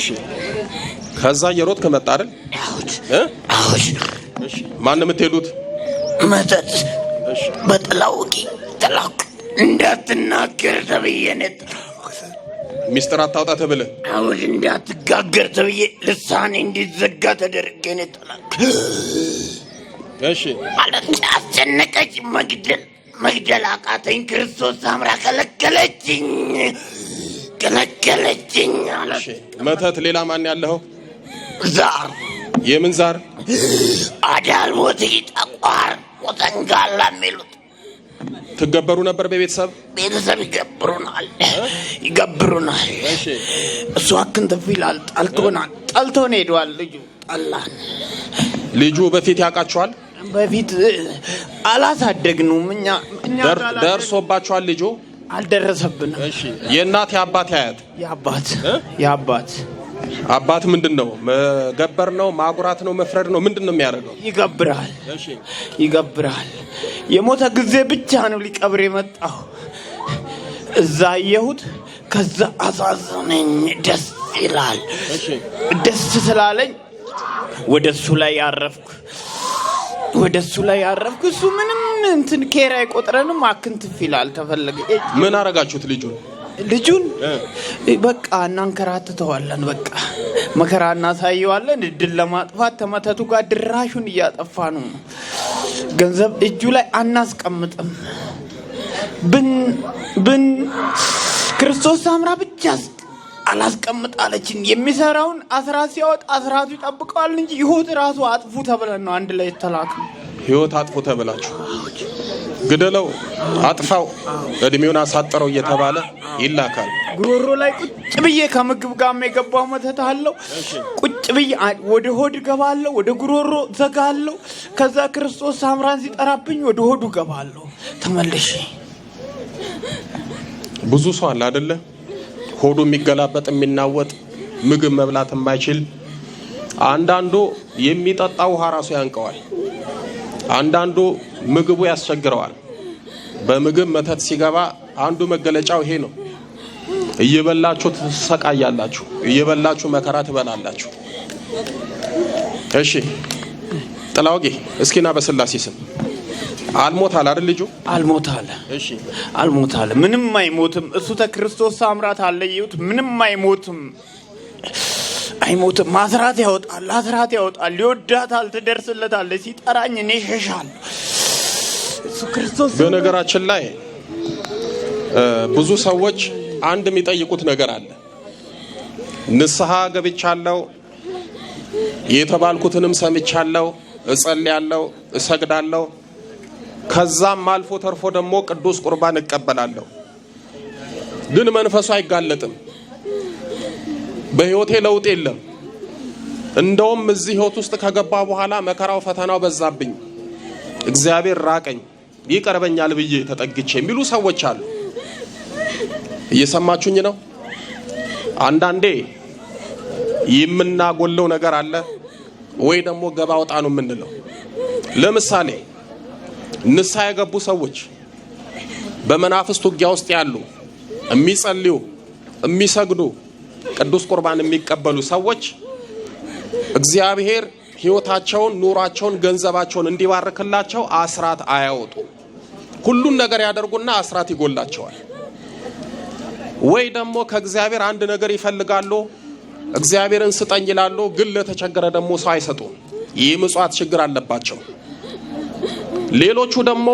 እሺ። ከዛ እየሮጥክ መጣ አይደል? አሁን አሁን እሺ። ማን የምትሄዱት? መተት እሺ። በጥላው ጥላው እንዳትናገር ተብዬ ነው። ሚስጥር አታውጣ ተብለ አሁን እንዳትጋገር ተብዬ ልሳኔ እንዲዘጋ ተደርጌ ነው። ጥላው እሺ። ማለት አስጨነቀች። መግደል መግደል አቃተኝ። ክርስቶስ አምራ ከለከለችኝ። ገለገለችኝ አለ። መተት ሌላ ማን ያለው? ዛር። የምን ዛር? አዳልቦት ጠቋር፣ ቆጠንጋላ የሚሉት ትገበሩ ነበር። በቤተሰብ ቤተሰብ ይገብሩናል ይገብሩናል። እሱ አክንትፍ ይላል። ጠልቶናል። ጠልቶን ሄደዋል። ልጁ ጠላን። ልጁ በፊት ያውቃችኋል? በፊት አላሳደግነውም እኛ። ደርሶባችኋል ልጁ አልደረሰብንም። የእናት የአባት ያያት የአባት የአባት አባት ምንድን ነው? መገበር ነው? ማጉራት ነው? መፍረድ ነው? ምንድን ነው የሚያደርገው? ይገብራል፣ ይገብራል። የሞተ ጊዜ ብቻ ነው ሊቀብር የመጣው። እዛ አየሁት። ከዛ አሳዘነኝ። ደስ ይላል። ደስ ስላለኝ ወደ እሱ ላይ ያረፍኩ። ወደ እሱ ላይ ያረፍኩ። እሱ ምንም እንትን ኬር አይቆጥረንም። አክንትፍ ይላል። ተፈለገ ምን አረጋችሁት ልጁን? ልጁን በቃ እናንከራትተዋለን። በቃ መከራ እናሳየዋለን። እድል ለማጥፋት ተመተቱ ጋር ድራሹን እያጠፋ ነው። ገንዘብ እጁ ላይ አናስቀምጥም። ብን ብን ክርስቶስ አምራ ብቻ አላስቀምጥ አለችን። የሚሰራውን አስራት ሲያወጥ አስራቱ ይጠብቀዋል እንጂ ህይወት ራሱ አጥፉ ተብለን ነው አንድ ላይ ተላክ ህይወት አጥፉ ተብላችሁ ግደለው፣ አጥፋው፣ እድሜውን አሳጠረው እየተባለ ይላካል። ጉሮሮ ላይ ቁጭ ብዬ ከምግብ ጋር የገባው መተት አለው። ቁጭ ብዬ ወደ ሆድ ገባለሁ፣ ወደ ጉሮሮ ዘጋለሁ። ከዛ ክርስቶስ ሳምራን ሲጠራብኝ ወደ ሆዱ ገባለሁ ተመልሽ ብዙ ሰው አለ አይደለ ሆዱ የሚገላበጥ የሚናወጥ ምግብ መብላት የማይችል አንዳንዱ የሚጠጣ ውሃ ራሱ ያንቀዋል። አንዳንዱ ምግቡ ያስቸግረዋል። በምግብ መተት ሲገባ አንዱ መገለጫው ይሄ ነው። እየበላችሁ ትሰቃያላችሁ፣ እየበላችሁ መከራ ትበላላችሁ። እሺ ጥላውጌ እስኪና በስላሴ ስም አልሞታል አይደል? ልጁ አልሞታል። እሺ አልሞታል። ምንም አይሞትም። እሱ ተክርስቶስ ሳምራት አለየሁት። ምንም አይሞትም፣ አይሞትም። አስራት ያወጣል፣ አስራት ያወጣል። ይወዳታል፣ ትደርስለታለች። ሲጠራኝ እኔ ሸሻል። እሱ ክርስቶስ። በነገራችን ላይ ብዙ ሰዎች አንድ የሚጠይቁት ነገር አለ። ንስሐ ገብቻለሁ፣ የተባልኩትንም ሰምቻለሁ፣ እጸልያለሁ፣ እሰግዳለሁ ከዛም አልፎ ተርፎ ደግሞ ቅዱስ ቁርባን እቀበላለሁ። ግን መንፈሱ አይጋለጥም። በህይወቴ ለውጥ የለም። እንደውም እዚህ ህይወት ውስጥ ከገባ በኋላ መከራው፣ ፈተናው በዛብኝ፣ እግዚአብሔር ራቀኝ፣ ይቀርበኛል ብዬ ተጠግቼ የሚሉ ሰዎች አሉ። እየሰማችሁኝ ነው? አንዳንዴ የምናጎለው ነገር አለ ወይ ደግሞ ገባ ወጣ ነው የምንለው። ለምሳሌ ንሳ የገቡ ሰዎች በመናፍስት ውጊያ ውስጥ ያሉ የሚጸልዩ የሚሰግዱ ቅዱስ ቁርባን የሚቀበሉ ሰዎች እግዚአብሔር ህይወታቸውን፣ ኑሯቸውን፣ ገንዘባቸውን እንዲባርክላቸው አስራት አያወጡ። ሁሉን ነገር ያደርጉና አስራት ይጎላቸዋል። ወይ ደግሞ ከእግዚአብሔር አንድ ነገር ይፈልጋሉ፣ እግዚአብሔርን ስጠኝ ይላሉ፣ ግን ለተቸገረ ደግሞ ሰው አይሰጡም። ይህ ምጽዋት ችግር አለባቸው። ሌሎቹ ደግሞ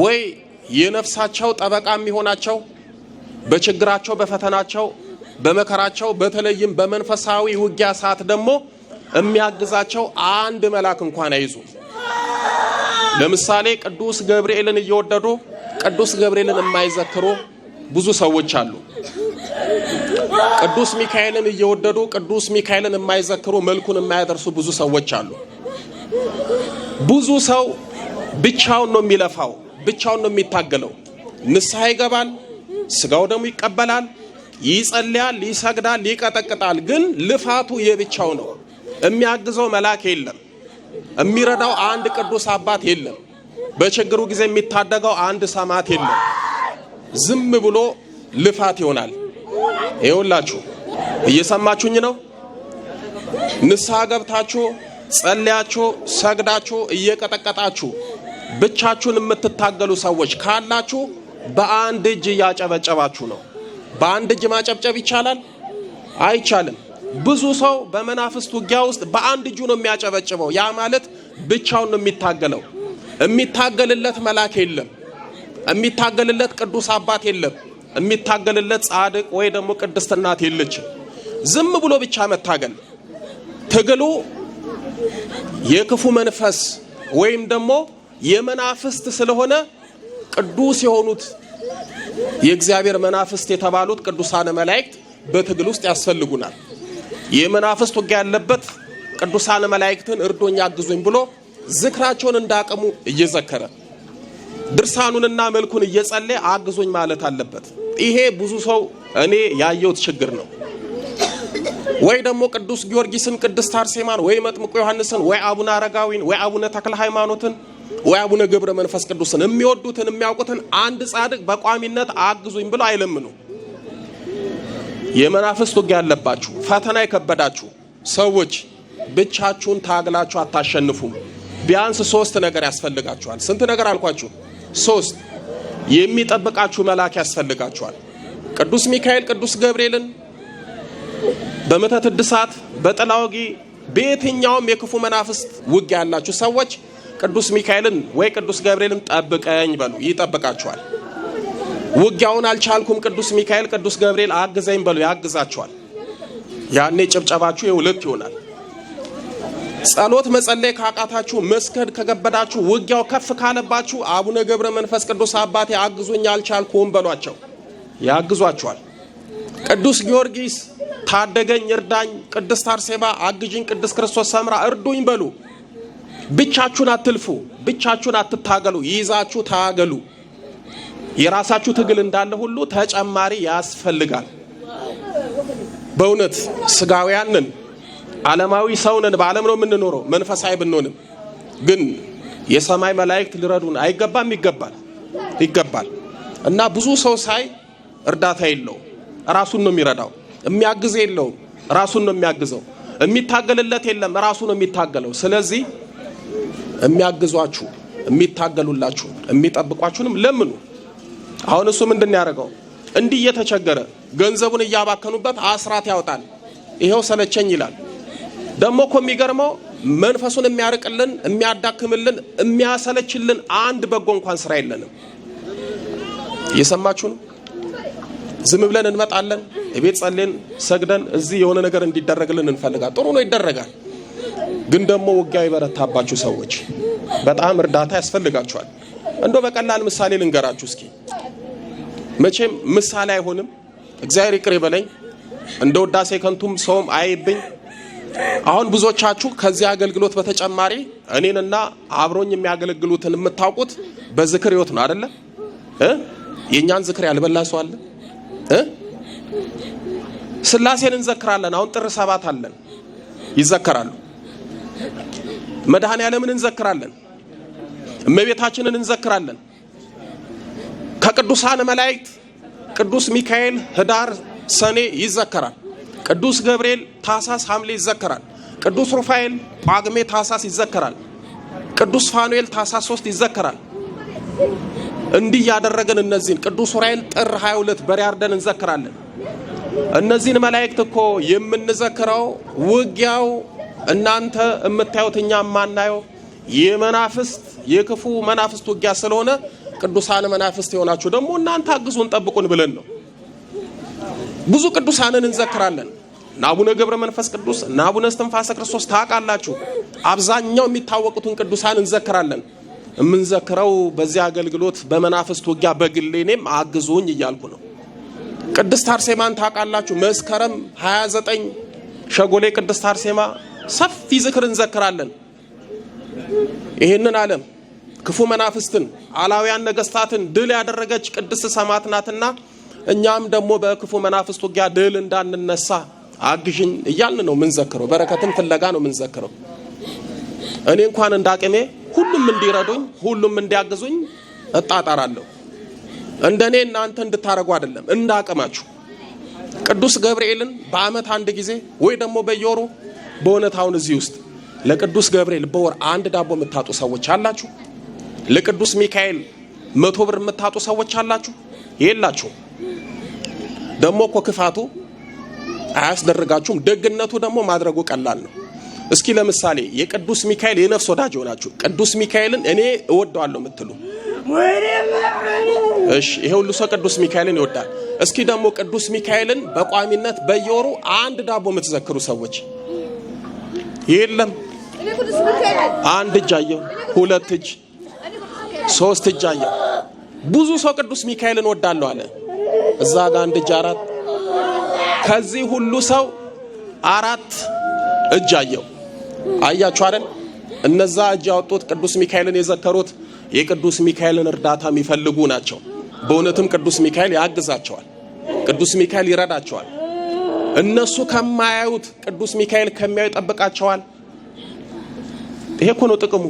ወይ የነፍሳቸው ጠበቃ የሚሆናቸው በችግራቸው፣ በፈተናቸው፣ በመከራቸው በተለይም በመንፈሳዊ ውጊያ ሰዓት ደግሞ የሚያግዛቸው አንድ መልአክ እንኳን አይዙ። ለምሳሌ ቅዱስ ገብርኤልን እየወደዱ ቅዱስ ገብርኤልን የማይዘክሩ ብዙ ሰዎች አሉ። ቅዱስ ሚካኤልን እየወደዱ ቅዱስ ሚካኤልን የማይዘክሩ መልኩን የማያደርሱ ብዙ ሰዎች አሉ። ብዙ ሰው ብቻውን ነው የሚለፋው፣ ብቻውን ነው የሚታገለው። ንስሐ ይገባል፣ ስጋው ደግሞ ይቀበላል፣ ይጸልያል፣ ይሰግዳል፣ ይቀጠቅጣል። ግን ልፋቱ የብቻው ነው። የሚያግዘው መልአክ የለም። የሚረዳው አንድ ቅዱስ አባት የለም። በችግሩ ጊዜ የሚታደገው አንድ ሰማዕት የለም። ዝም ብሎ ልፋት ይሆናል። ይኸውላችሁ እየሰማችሁኝ ነው። ንስሐ ገብታችሁ ጸልያችሁ ሰግዳችሁ እየቀጠቀጣችሁ ብቻችሁን የምትታገሉ ሰዎች ካላችሁ በአንድ እጅ እያጨበጨባችሁ ነው። በአንድ እጅ ማጨብጨብ ይቻላል? አይቻልም። ብዙ ሰው በመናፍስት ውጊያ ውስጥ በአንድ እጁ ነው የሚያጨበጭበው። ያ ማለት ብቻውን ነው የሚታገለው። የሚታገልለት መልአክ የለም። የሚታገልለት ቅዱስ አባት የለም። የሚታገልለት ጻድቅ ወይ ደግሞ ቅድስት እናት የለች ዝም ብሎ ብቻ መታገል። ትግሉ የክፉ መንፈስ ወይም ደግሞ የመናፍስት ስለሆነ ቅዱስ የሆኑት የእግዚአብሔር መናፍስት የተባሉት ቅዱሳነ መላእክት በትግል ውስጥ ያስፈልጉናል። የመናፍስት ውጊያ ያለበት ቅዱሳነ መላእክትን እርዶኝ አግዙኝ ብሎ ዝክራቸውን እንዳቅሙ እየዘከረ ድርሳኑንና መልኩን እየጸለየ አግዞኝ ማለት አለበት። ይሄ ብዙ ሰው እኔ ያየሁት ችግር ነው። ወይ ደግሞ ቅዱስ ጊዮርጊስን፣ ቅድስት አርሴማን፣ ወይ መጥምቁ ዮሐንስን፣ ወይ አቡነ አረጋዊን፣ ወይ አቡነ ተክለ ሃይማኖትን ወይ አቡነ ገብረ መንፈስ ቅዱስን የሚወዱትን የሚያውቁትን አንድ ጻድቅ በቋሚነት አግዙኝ ብሎ አይለምኑ። የመናፍስት ውጊያ ያለባችሁ ፈተና የከበዳችሁ ሰዎች ብቻችሁን ታግላችሁ አታሸንፉም። ቢያንስ ሶስት ነገር ያስፈልጋችኋል። ስንት ነገር አልኳችሁ? ሶስት የሚጠብቃችሁ መልአክ ያስፈልጋችኋል። ቅዱስ ሚካኤል፣ ቅዱስ ገብርኤልን በመተት እድሳት፣ በጥላ ወጊ፣ በየትኛውም የክፉ መናፍስት ውጊያ ያላችሁ ሰዎች ቅዱስ ሚካኤልን ወይ ቅዱስ ገብርኤልን ጠብቀኝ በሉ፣ ይጠብቃቸዋል። ውጊያውን አልቻልኩም፣ ቅዱስ ሚካኤል ቅዱስ ገብርኤል አግዘኝ በሉ፣ ያግዛቸዋል። ያኔ ጭብጨባችሁ የሁለት ይሆናል። ጸሎት መጸለይ ካቃታችሁ፣ መስገድ ከገበዳችሁ፣ ውጊያው ከፍ ካለባችሁ አቡነ ገብረ መንፈስ ቅዱስ አባቴ አግዙኝ አልቻልኩም በሏቸው፣ ያግዟቸዋል። ቅዱስ ጊዮርጊስ ታደገኝ፣ እርዳኝ፣ ቅድስት አርሴማ አግዥኝ፣ ቅዱስ ክርስቶስ ሰምራ እርዱኝ በሉ ብቻችሁን አትልፉ፣ ብቻችሁን አትታገሉ፣ ይዛችሁ ታገሉ። የራሳችሁ ትግል እንዳለ ሁሉ ተጨማሪ ያስፈልጋል። በእውነት ስጋውያንን ዓለማዊ ሰውንን በዓለም ነው የምንኖረው። መንፈሳዊ ብንሆንም ግን የሰማይ መላእክት ሊረዱን አይገባም? ይገባል፣ ይገባል። እና ብዙ ሰው ሳይ እርዳታ የለው ራሱን ነው የሚረዳው። የሚያግዝ የለውም፣ ራሱን ነው የሚያግዘው። የሚታገልለት የለም፣ ራሱ ነው የሚታገለው። ስለዚህ የሚያግዟችሁ፣ የሚታገሉላችሁ፣ የሚጠብቋችሁንም ለምኑ። አሁን እሱ ምንድን ያደርገው እንዲህ እየተቸገረ ገንዘቡን እያባከኑበት አስራት ያወጣል። ይሄው ሰለቸኝ ይላል። ደግሞ እኮ የሚገርመው መንፈሱን የሚያርቅልን፣ የሚያዳክምልን፣ የሚያሰለችልን አንድ በጎ እንኳን ስራ የለንም። እየሰማችሁ ነው። ዝም ብለን እንመጣለን። ቤት ጸሌን ሰግደን እዚህ የሆነ ነገር እንዲደረግልን እንፈልጋል። ጥሩ ነው፣ ይደረጋል። ግን ደግሞ ውጊያው ይበረታባችሁ ሰዎች በጣም እርዳታ ያስፈልጋቸዋል። እንዶ በቀላል ምሳሌ ልንገራችሁ እስኪ። መቼም ምሳሌ አይሆንም። እግዚአብሔር ይቅር ይበለኝ፣ እንደ ውዳሴ ከንቱም ሰውም አይብኝ። አሁን ብዙዎቻችሁ ከዚህ አገልግሎት በተጨማሪ እኔንና አብሮኝ የሚያገለግሉትን የምታውቁት በዝክር ህይወት ነው አይደለ? የእኛን ዝክር ያልበላ ሰው አለ? ስላሴን እንዘክራለን። አሁን ጥር ሰባት አለን፣ ይዘከራሉ። መድኃኔ ዓለምን እንዘክራለን። እመቤታችንን እንዘክራለን። ከቅዱሳን መላእክት ቅዱስ ሚካኤል ህዳር ሰኔ ይዘከራል። ቅዱስ ገብርኤል ታሳስ ሐምሌ ይዘከራል። ቅዱስ ሩፋኤል ጳግሜ ታሳስ ይዘከራል። ቅዱስ ፋኑኤል ታሳስ ሶስት ይዘከራል። እንዲህ ያደረገን እነዚህን ቅዱስ ዑራኤል ጥር 22 በሪያርደን እንዘክራለን። እነዚህን መላእክት እኮ የምንዘክረው ውጊያው እናንተ የምታዩት እኛ ማናየው የመናፍስት የክፉ መናፍስት ውጊያ ስለሆነ ቅዱሳን መናፍስት የሆናችሁ ደግሞ እናንተ አግዙን፣ ጠብቁን ብለን ነው። ብዙ ቅዱሳንን እንዘክራለን። እነ አቡነ ገብረ መንፈስ ቅዱስ እነ አቡነ እስትንፋሰ ክርስቶስ ታውቃላችሁ። አብዛኛው የሚታወቁትን ቅዱሳን እንዘክራለን። የምንዘክረው በዚህ አገልግሎት በመናፍስት ውጊያ በግሌ እኔም አግዙኝ እያልኩ ነው። ቅድስት አርሴማን ታውቃላችሁ። መስከረም 29 ሸጎሌ ቅድስት አርሴማ ሰፊ ዝክር እንዘክራለን። ይህንን ዓለም ክፉ መናፍስትን፣ አላውያን ነገስታትን ድል ያደረገች ቅድስት ሰማዕት ናትና እኛም ደግሞ በክፉ መናፍስት ውጊያ ድል እንዳንነሳ አግዥኝ እያልን ነው ምንዘክረው። በረከትን ፍለጋ ነው ምንዘክረው። እኔ እንኳን እንዳቅሜ ሁሉም እንዲረዱኝ፣ ሁሉም እንዲያግዙኝ እጣጣራለሁ። እንደኔ እናንተ እንድታረጉ አይደለም፣ እንዳቅማችሁ። ቅዱስ ገብርኤልን በአመት አንድ ጊዜ ወይ ደግሞ በየወሩ በእውነት አሁን እዚህ ውስጥ ለቅዱስ ገብርኤል በወር አንድ ዳቦ የምታጡ ሰዎች አላችሁ? ለቅዱስ ሚካኤል መቶ ብር የምታጡ ሰዎች አላችሁ? የላችሁ። ደግሞ እኮ ክፋቱ አያስደርጋችሁም። ደግነቱ ደግሞ ማድረጉ ቀላል ነው። እስኪ ለምሳሌ የቅዱስ ሚካኤል የነፍስ ወዳጅ ሆናችሁ ቅዱስ ሚካኤልን እኔ እወደዋለሁ የምትሉ እሺ፣ ይሄ ሁሉ ሰው ቅዱስ ሚካኤልን ይወዳል። እስኪ ደግሞ ቅዱስ ሚካኤልን በቋሚነት በየወሩ አንድ ዳቦ የምትዘክሩ ሰዎች የለም። አንድ እጅ አየሁ፣ ሁለት እጅ፣ ሶስት እጅ አየሁ። ብዙ ሰው ቅዱስ ሚካኤልን ወዳለሁ አለ። እዛ ጋር አንድ እጅ አራት። ከዚህ ሁሉ ሰው አራት እጅ አየሁ። አያችሁ አይደል? እነዛ እጅ ያወጡት ቅዱስ ሚካኤልን የዘከሩት የቅዱስ ሚካኤልን እርዳታ የሚፈልጉ ናቸው። በእውነትም ቅዱስ ሚካኤል ያግዛቸዋል። ቅዱስ ሚካኤል ይረዳቸዋል። እነሱ ከማያዩት ቅዱስ ሚካኤል ከሚያዩ ይጠብቃቸዋል። ይሄ እኮ ነው ጥቅሙ።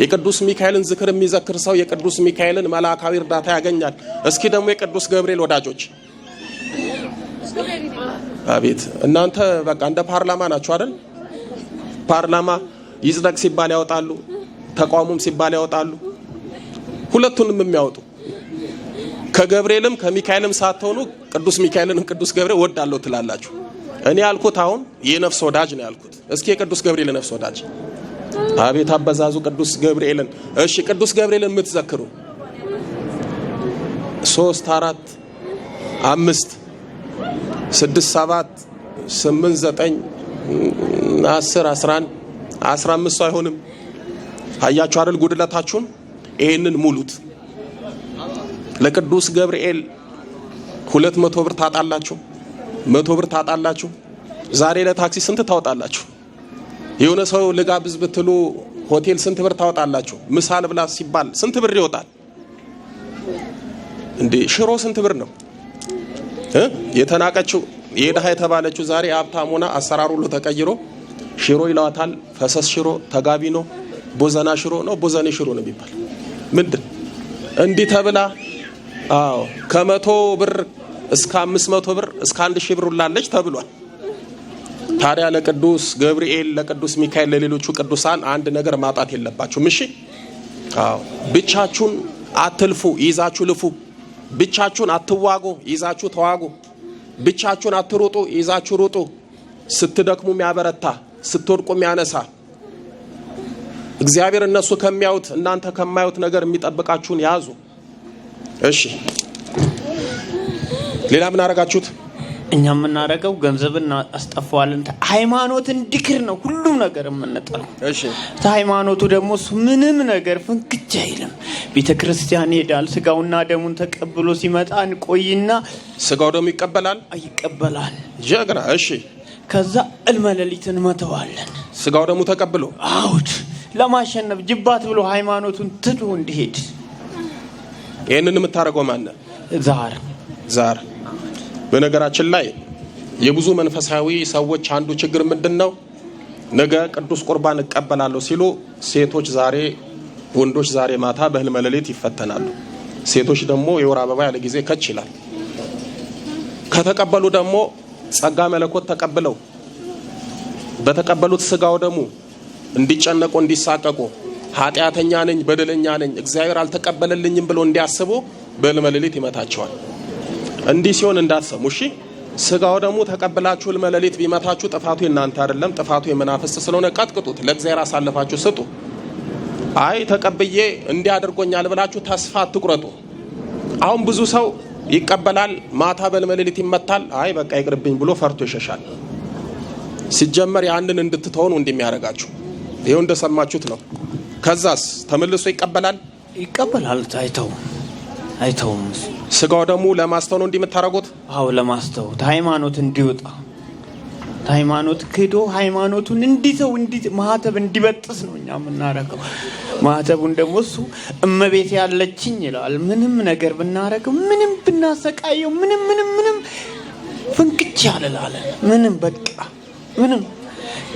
የቅዱስ ሚካኤልን ዝክር የሚዘክር ሰው የቅዱስ ሚካኤልን መልአካዊ እርዳታ ያገኛል። እስኪ ደግሞ የቅዱስ ገብርኤል ወዳጆች አቤት እናንተ በቃ እንደ ፓርላማ ናችሁ አይደል? ፓርላማ ይጽደቅ ሲባል ያወጣሉ፣ ተቃውሞም ሲባል ያወጣሉ። ሁለቱንም የሚያወጡ ከገብርኤልም ከሚካኤልም ሳትሆኑ ቅዱስ ሚካኤልን ቅዱስ ገብርኤል ወዳለሁ ትላላችሁ። እኔ ያልኩት አሁን የነፍስ ወዳጅ ነው ያልኩት። እስኪ የቅዱስ ገብርኤል ነፍስ ወዳጅ አቤት አበዛዙ ቅዱስ ገብርኤልን። እሺ ቅዱስ ገብርኤልን የምትዘክሩ ሶስት አራት አምስት ስድስት ሰባት ስምንት ዘጠኝ አስር አስራ አንድ አስራ አምስት አይሆንም። አያችሁ አይደል ጉድለታችሁን። ይሄንን ሙሉት። ለቅዱስ ገብርኤል ሁለት መቶ ብር ታጣላችሁ፣ መቶ ብር ታጣላችሁ። ዛሬ ለታክሲ ስንት ታወጣላችሁ? የሆነ ሰው ልጋብዝ ብትሉ ሆቴል ስንት ብር ታወጣላችሁ? ምሳል ብላ ሲባል ስንት ብር ይወጣል? እንዴ ሽሮ ስንት ብር ነው? የተናቀችው የድሃ የተባለችው ዛሬ ሀብታም ሆና አሰራሩ ሁሉ ተቀይሮ ሽሮ ይለዋታል። ፈሰስ ሽሮ፣ ተጋቢ ነው፣ ቦዘና ሽሮ ነው፣ ቦዘኔ ሽሮ ነው የሚባል ምንድን እንዲህ ተብላ አዎ ከመቶ ብር እስከ አምስት መቶ ብር እስከ አንድ ሺህ ብር ላለች ተብሏል። ታዲያ ለቅዱስ ገብርኤል፣ ለቅዱስ ሚካኤል፣ ለሌሎቹ ቅዱሳን አንድ ነገር ማጣት የለባችሁም። እሺ፣ አዎ፣ ብቻችሁን አትልፉ፣ ይዛችሁ ልፉ። ብቻችሁን አትዋጉ፣ ይዛችሁ ተዋጉ። ብቻችሁን አትሩጡ፣ ይዛችሁ ሩጡ። ስትደክሙ የሚያበረታ ስትወድቁ የሚያነሳ እግዚአብሔር እነሱ ከሚያዩት እናንተ ከማዩት ነገር የሚጠብቃችሁን ያዙ። እሺ፣ ሌላ ምን አረጋችሁት? እኛ የምናደርገው ገንዘብ አስጠፋዋለን። ሃይማኖት እንዲክር ነው ሁሉም ነገር የምንጠለው። ሃይማኖቱ ደግሞ ምንም ነገር ፍንክቻ አይልም። ቤተ ክርስቲያን ይሄዳል። ስጋውና ደሙን ተቀብሎ ሲመጣ እንቆይና ስጋው ደግሞ ይቀበላል ይቀበላል። ጀግና። እሺ። ከዛ እልመለሊት እንመተዋለን። ስጋው ደግሞ ተቀብሎ አውድ ለማሸነፍ ጅባት ብሎ ሃይማኖቱን ትቶ እንዲሄድ። ይህንን የምታደርገው ማነ ዛር ዛር በነገራችን ላይ የብዙ መንፈሳዊ ሰዎች አንዱ ችግር ምንድን ነው? ነገ ቅዱስ ቁርባን እቀበላለሁ ሲሉ ሴቶች ዛሬ ወንዶች ዛሬ ማታ በህልመ ሌሊት ይፈተናሉ። ሴቶች ደግሞ የወር አበባ ያለ ጊዜ ከች ይላል። ከተቀበሉ ደግሞ ጸጋ መለኮት ተቀብለው በተቀበሉት ስጋው ደግሞ እንዲጨነቁ እንዲሳቀቁ ኃጢአተኛ ነኝ፣ በደለኛ ነኝ፣ እግዚአብሔር አልተቀበለልኝም ብሎ እንዲያስቡ በህልመ ሌሊት ይመታቸዋል። እንዲህ ሲሆን እንዳትሰሙ እሺ። ስጋው ደግሞ ተቀብላችሁ ልመለሊት ቢመታችሁ ጥፋቱ የእናንተ አይደለም፣ ጥፋቱ የመናፍስት ስለሆነ ቀጥቅጡት፣ ለእግዚአብሔር አሳልፋችሁ ስጡ። አይ ተቀብዬ እንዲህ አድርጎኛል ብላችሁ ተስፋ አትቁረጡ። አሁን ብዙ ሰው ይቀበላል፣ ማታ በሕልመ ይመታል። አይ በቃ ይቅርብኝ ብሎ ፈርቶ ይሸሻል። ሲጀመር ያንን እንድትተውን እንደሚያደርጋችሁ ይሄው እንደሰማችሁት ነው። ከዛስ ተመልሶ ይቀበላል ይቀበላል ታይተው አይተውም። ስጋው ደግሞ ለማስተው ነው እንዲህ የምታደርጉት? አዎ ለማስተው ሃይማኖት እንዲወጣ ሃይማኖት ክዶ ሃይማኖቱን እንዲሰው ማህተብ እንዲበጥስ ነው እኛ የምናረገው። ማህተቡን ደግሞ እሱ እመቤት ያለችኝ ይላል። ምንም ነገር ብናረገው፣ ምንም ብናሰቃየው፣ ምንም ምንም ምንም ፍንክች ያልላለ ምንም በቃ ምንም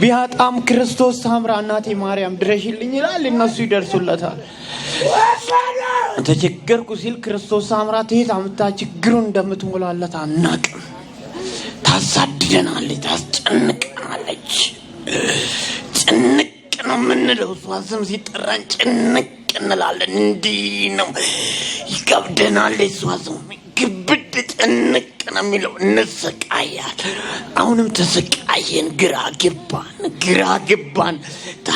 ቢያጣም ክርስቶስ ታምራ እናቴ ማርያም ድረሽልኝ ይላል። እነሱ ይደርሱለታል። ተቸገርኩ ሲል ክርስቶስ አምራት የት አምታ ችግሩ እንደምትሞላለት አናቅም። ታሳድደናለች፣ ታስጨንቀናለች። ጭንቅ ነው የምንለው። እሷ ስም ሲጠራን ጭንቅ እንላለን። እንዲህ ነው ይከብደናለች። እሷ ስም ልብ ጭንቅ ነው የሚለው። እንሰቃያል። አሁንም ተሰቃየን። ግራ ገባን፣ ግራ ገባን።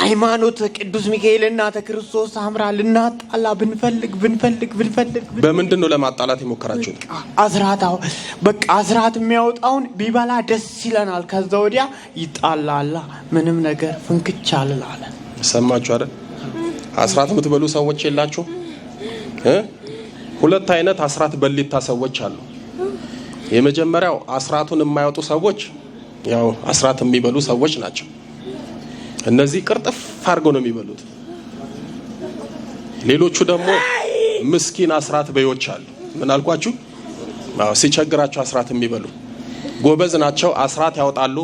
ሃይማኖት ቅዱስ ሚካኤል እናተ ክርስቶስ አምራ ልናጣላ ብንፈልግ ብንፈልግ ብንፈልግ በምንድን ነው ለማጣላት የሞከራችሁ? አስራት በቃ አስራት የሚያወጣውን ቢበላ ደስ ይለናል። ከዛ ወዲያ ይጣላላ ምንም ነገር ፍንክቻ ልላለን። ሰማችሁ አይደል? አስራት የምትበሉ ሰዎች የላችሁ ሁለት አይነት አስራት በሊታ ሰዎች አሉ። የመጀመሪያው አስራቱን የማያወጡ ሰዎች ያው አስራት የሚበሉ ሰዎች ናቸው። እነዚህ ቅርጥፍ አድርገው ነው የሚበሉት። ሌሎቹ ደግሞ ምስኪን አስራት በዮች አሉ። ምን አልኳችሁ? ሲቸግራቸው አስራት የሚበሉ ጎበዝ ናቸው። አስራት ያወጣሉ፣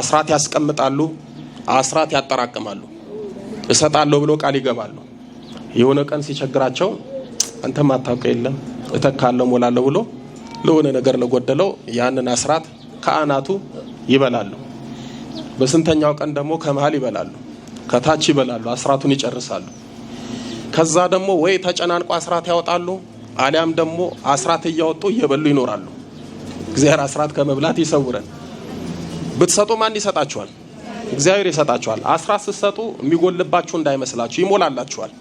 አስራት ያስቀምጣሉ፣ አስራት ያጠራቅማሉ። እሰጣለሁ ብሎ ቃል ይገባሉ። የሆነ ቀን ሲቸግራቸው አንተ ማታውቀ የለም እተካለው ሞላለሁ ብሎ ለሆነ ነገር ለጎደለው ያንን አስራት ከአናቱ ይበላሉ። በስንተኛው ቀን ደግሞ ከመሀል ይበላሉ፣ ከታች ይበላሉ፣ አስራቱን ይጨርሳሉ። ከዛ ደግሞ ወይ ተጨናንቆ አስራት ያወጣሉ፣ አሊያም ደግሞ አስራት እያወጡ እየበሉ ይኖራሉ። እግዚአብሔር አስራት ከመብላት ይሰውረን። ብትሰጡ ማን ይሰጣችኋል? እግዚአብሔር ይሰጣችኋል። አስራት ስትሰጡ የሚጎልባችሁ እንዳይመስላችሁ ይሞላላችኋል።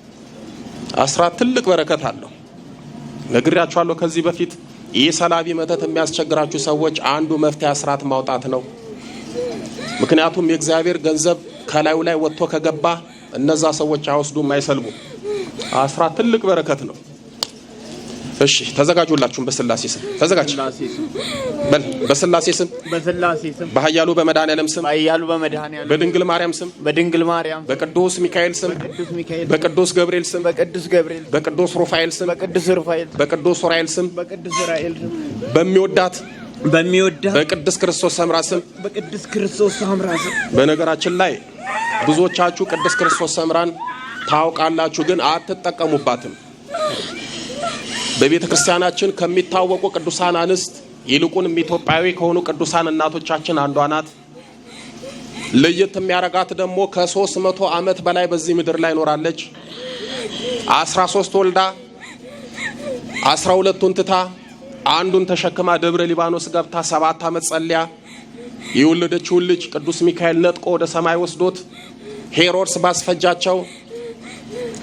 አስራት ትልቅ በረከት አለው። ነግሬያችኋለሁ ከዚህ በፊት ይህ ሰላቢ መተት የሚያስቸግራችሁ ሰዎች አንዱ መፍትሄ አስራት ማውጣት ነው። ምክንያቱም የእግዚአብሔር ገንዘብ ከላዩ ላይ ወጥቶ ከገባ እነዛ ሰዎች አይወስዱም፣ አይሰልቡም። አስራት ትልቅ በረከት ነው። እሺ ተዘጋጁላችሁም በስላሴ ስም ተዘጋጅ። በል በስላሴ ስም ስም በኃያሉ በመድኃኔዓለም ስም በሃያሉ በድንግል ማርያም ስም በድንግል ማርያም በቅዱስ ሚካኤል ስም በቅዱስ ሚካኤል በቅዱስ ገብርኤል ስም በቅዱስ ገብርኤል በቅዱስ ሩፋኤል ስም በቅዱስ ሩፋኤል በቅዱስ ኡራኤል ስም በሚወዳት በሚወዳት በቅዱስ ክርስቶስ ሰምራ ስም በቅዱስ ክርስቶስ ሰምራ ስም። በነገራችን ላይ ብዙዎቻችሁ ቅዱስ ክርስቶስ ሰምራን ታውቃላችሁ፣ ግን አትጠቀሙባትም። በቤተ ክርስቲያናችን ከሚታወቁ ቅዱሳን አንስት ይልቁንም ኢትዮጵያዊ ከሆኑ ቅዱሳን እናቶቻችን አንዷ ናት። ለየት የሚያረጋት ደግሞ ከሶስት መቶ ዓመት በላይ በዚህ ምድር ላይ ኖራለች። አስራ ሶስት ወልዳ አስራ ሁለቱን ትታ አንዱን ተሸክማ ደብረ ሊባኖስ ገብታ ሰባት ዓመት ጸልያ የወለደችውን ልጅ ቅዱስ ሚካኤል ነጥቆ ወደ ሰማይ ወስዶት ሄሮድስ ባስፈጃቸው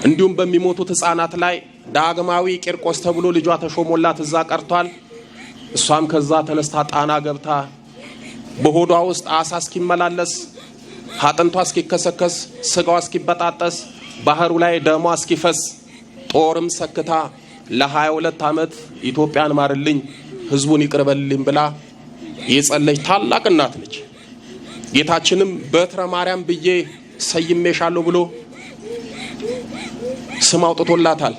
እንዲሁም በሚሞቱት ሕፃናት ላይ ዳግማዊ ቂርቆስ ተብሎ ልጇ ተሾሞላት እዛ ቀርቷል። እሷም ከዛ ተነስታ ጣና ገብታ በሆዷ ውስጥ አሳ እስኪመላለስ አጥንቷ እስኪከሰከስ ስጋዋ እስኪበጣጠስ ባህሩ ላይ ደሟ እስኪፈስ ጦርም ሰክታ ለ22 ዓመት ኢትዮጵያን ማርልኝ ህዝቡን ይቅርበልኝ ብላ የጸለች ታላቅ እናት ነች። ጌታችንም በትረ ማርያም ብዬ ሰይሜሻለሁ ብሎ ስም አውጥቶላታል።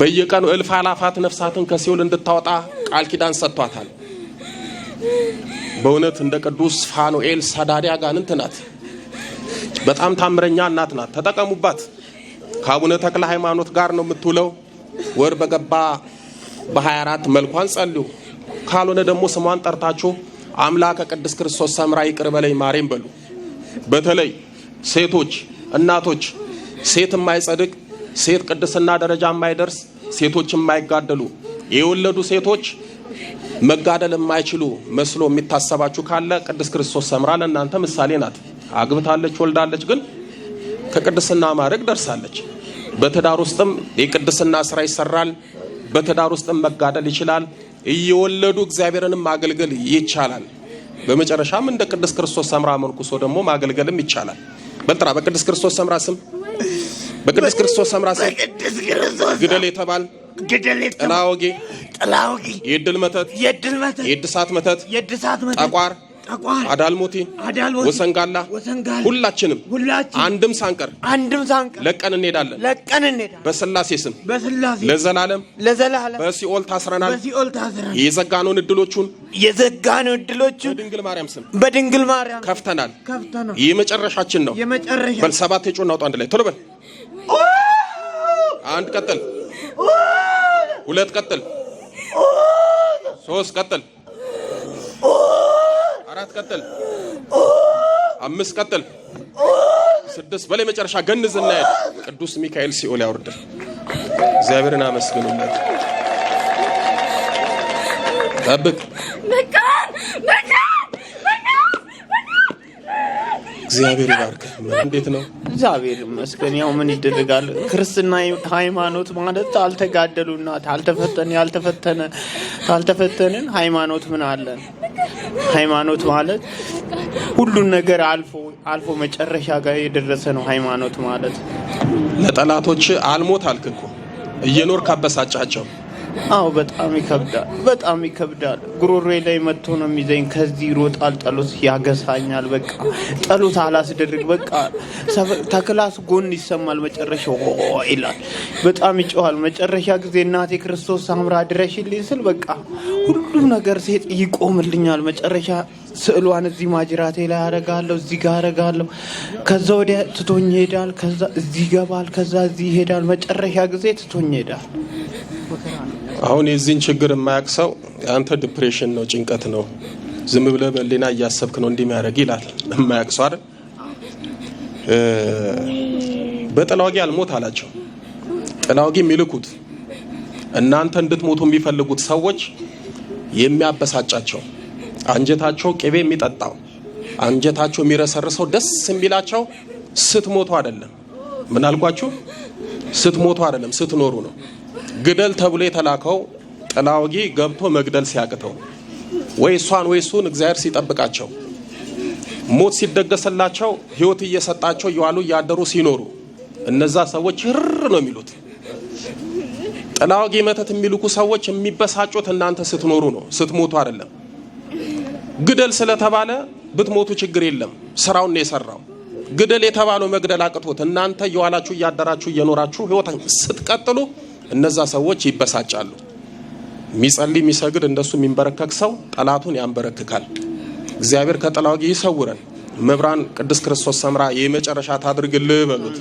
በየቀኑ እልፍ አላፋት ነፍሳትን ከሲኦል እንድታወጣ ቃል ኪዳን ሰጥቷታል። በእውነት እንደ ቅዱስ ፋኑኤል ሰዳዴ አጋንንት ናት። በጣም ታምረኛ እናት ናት። ተጠቀሙባት። ከአቡነ ተክለ ሃይማኖት ጋር ነው የምትውለው። ወር በገባ በ24 መልኳን ጸልዩ። ካልሆነ ደግሞ ስሟን ጠርታችሁ አምላከ ቅዱስ ክርስቶስ ሰምራ ይቅር በለኝ ማሬም በሉ። በተለይ ሴቶች፣ እናቶች ሴት የማይጸድቅ ሴት ቅድስና ደረጃ የማይደርስ ሴቶች የማይጋደሉ የወለዱ ሴቶች መጋደል የማይችሉ መስሎ የሚታሰባችሁ ካለ ቅድስት ክርስቶስ ሰምራ ለእናንተ ምሳሌ ናት። አግብታለች፣ ወልዳለች፣ ግን ከቅድስና ማድረግ ደርሳለች። በትዳር ውስጥም የቅድስና ስራ ይሰራል። በትዳር ውስጥም መጋደል ይችላል። እየወለዱ እግዚአብሔርንም ማገልገል ይቻላል። በመጨረሻም እንደ ቅድስት ክርስቶስ ሰምራ መንኩሶ ደግሞ ማገልገልም ይቻላል። በጥራ በቅድስት ክርስቶስ ሰምራ ስም በቅዱስ ክርስቶስ ሰምራ ስም ግደል የተባል ጥላ ወጌ የድል መተት የድሳት መተት ጠቋር አዳልሞቴ ወሰንጋላ ሁላችንም አንድም ሳንቀር አንድም ሳንቀር ለቀን እንሄዳለን። ለቀን እንሄዳለን በስላሴ ስም ለዘላለም ለዘላለም በሲኦል ታስረናል። በሲኦል ታስረናል የዘጋነውን እድሎቹን የዘጋነው እድሎቹን በድንግል ማርያም ስም በድንግል ማርያም ከፍተናል። ከፍተናል የመጨረሻችን ነው። በል ሰባት የጮህ እናውጡ አንድ ላይ ቶሎ በል አንድ ቀጥል፣ ሁለት ቀጥል፣ ሶስት ቀጥል፣ አራት ቀጥል፣ አምስት ቀጥል፣ ስድስት በላይ መጨረሻ ገንዝ እናያል። ቅዱስ ሚካኤል ሲኦል ያወርድል። እግዚአብሔርን አመስግኑለት። ጠብቅ። እግዚአብሔር ይባርክ። እንዴት ነው? እግዚአብሔር ይመስገን። ያው ምን ይደረጋል፣ ክርስትና ሃይማኖት ማለት አልተጋደሉና ያልተፈተነ ታልተፈተንን ሃይማኖት ምን አለን? ሃይማኖት ማለት ሁሉን ነገር አልፎ አልፎ መጨረሻ ጋር የደረሰ ነው። ሃይማኖት ማለት ለጠላቶች አልሞት አልክ እኮ እየኖር ካበሳጫቸው አዎ በጣም ይከብዳል፣ በጣም ይከብዳል። ጉሮሬ ላይ መጥቶ ነው የሚዘኝ። ከዚህ ይሮጣል ጠሎት ያገሳኛል። በቃ ጠሎት አላስደርግ በቃ ተክላስ ጎን ይሰማል። መጨረሻ ይላል፣ በጣም ይጨዋል መጨረሻ ጊዜ እናቴ ክርስቶስ አምራ ድረሽልኝ ስል በቃ ሁሉም ነገር ሴት ይቆምልኛል። መጨረሻ ስዕሏን እዚህ ማጅራቴ ላይ አረጋለሁ፣ እዚህ ጋር አረጋለሁ። ከዛ ወዲያ ትቶኝ ይሄዳል። ከዛ እዚህ ይገባል፣ ከዛ እዚህ ይሄዳል። መጨረሻ ጊዜ ትቶኝ ይሄዳል። አሁን የዚህን ችግር የማያቅ ሰው አንተ ዲፕሬሽን ነው ጭንቀት ነው ዝም ብለ በሌና እያሰብክ ነው እንዲህ የሚያደርግ ይላል። የማያውቅ ሰው አይደል? በጥላ አልሞት አላቸው። ጥላ የሚልኩት እናንተ እንድትሞቱ የሚፈልጉት ሰዎች የሚያበሳጫቸው አንጀታቸው ቅቤ የሚጠጣው አንጀታቸው የሚረሰርሰው ደስ የሚላቸው ስትሞቱ አይደለም። ምን አልኳችሁ? ስትሞቱ አይደለም ስትኖሩ ነው። ግደል ተብሎ የተላከው ጥላውጊ ገብቶ መግደል ሲያቅተው ወይ እሷን ወይ እሱን እግዚአብሔር ሲጠብቃቸው ሞት ሲደገሰላቸው ህይወት እየሰጣቸው እየዋሉ እያደሩ ሲኖሩ እነዛ ሰዎች ር ነው የሚሉት። ጥላውጊ መተት የሚልኩ ሰዎች የሚበሳጩት እናንተ ስትኖሩ ነው፣ ስትሞቱ አይደለም። ግደል ስለተባለ ብትሞቱ ችግር የለም፣ ስራውን ነው የሰራው። ግደል የተባለው መግደል አቅቶት እናንተ እየዋላችሁ እያደራችሁ እየኖራችሁ ሕይወት ስትቀጥሉ እነዛ ሰዎች ይበሳጫሉ። የሚጸልይ የሚሰግድ እንደሱ የሚንበረከክ ሰው ጠላቱን ያንበረክካል። እግዚአብሔር ከጠላው ይሰውረን። መብራን ቅዱስ ክርስቶስ ሰምራ የመጨረሻ ታድርግልህ በሉት።